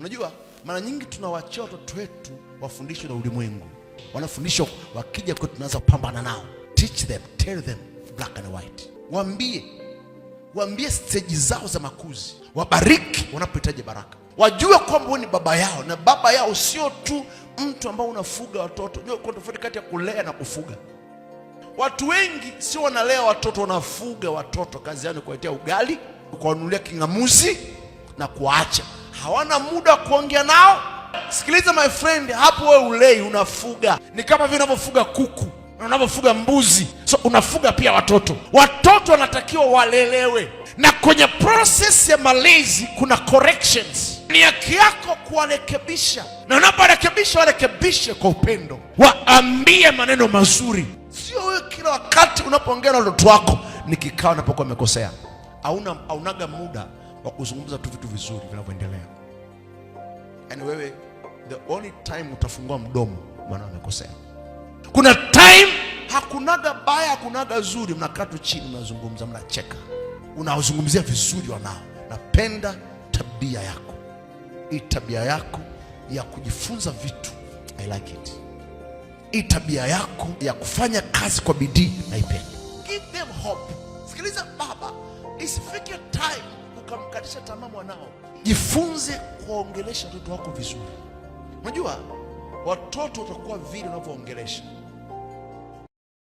Unajua, mara nyingi tunawachia watoto wetu wafundishwe na ulimwengu, wanafundishwa wakija kwetu, tunaanza kupambana nao. Teach them, tell them black and white, waambie waambie steji zao za makuzi, wabariki wanapohitaji baraka, wajue kwamba wewe ni baba yao, na baba yao sio tu mtu ambao unafuga watoto. Jua kuna tofauti kati ya kulea na kufuga. Watu wengi sio wanalea watoto, wanafuga watoto, kazi yao ni kuwaletea ugali, kuwanunulia king'amuzi na kuwaacha hawana muda wa kuongea nao. Sikiliza my friend, hapo wewe ulei, unafuga. Ni kama vile unavyofuga kuku na unavyofuga mbuzi, so unafuga pia watoto. Watoto wanatakiwa walelewe, na kwenye process ya malezi kuna corrections. Ni haki yako kuwarekebisha, na unaporekebisha warekebishe kwa upendo, waambie maneno mazuri, sio wewe kila wakati unapoongea na watoto wako. nikikaa napokuwa amekosea, aunaga muda wa kuzungumza tu vitu vizuri vinavyoendelea. Yaani wewe the only time utafungua mdomo mwanao amekosea. Kuna time hakunaga baya, hakunaga zuri, mnakaa tu chini, mnazungumza, mnacheka, unaozungumzia vizuri wanao. Napenda tabia yako, hii tabia yako ya kujifunza vitu I like it. Hii tabia yako ya kufanya kazi kwa bidii naipenda. Give them hope. Sikiliza baba, isifike time ukamkatisha tamaa mwanao. Jifunze kuwaongelesha watoto wako vizuri. Unajua watoto watakuwa vile unavyoongelesha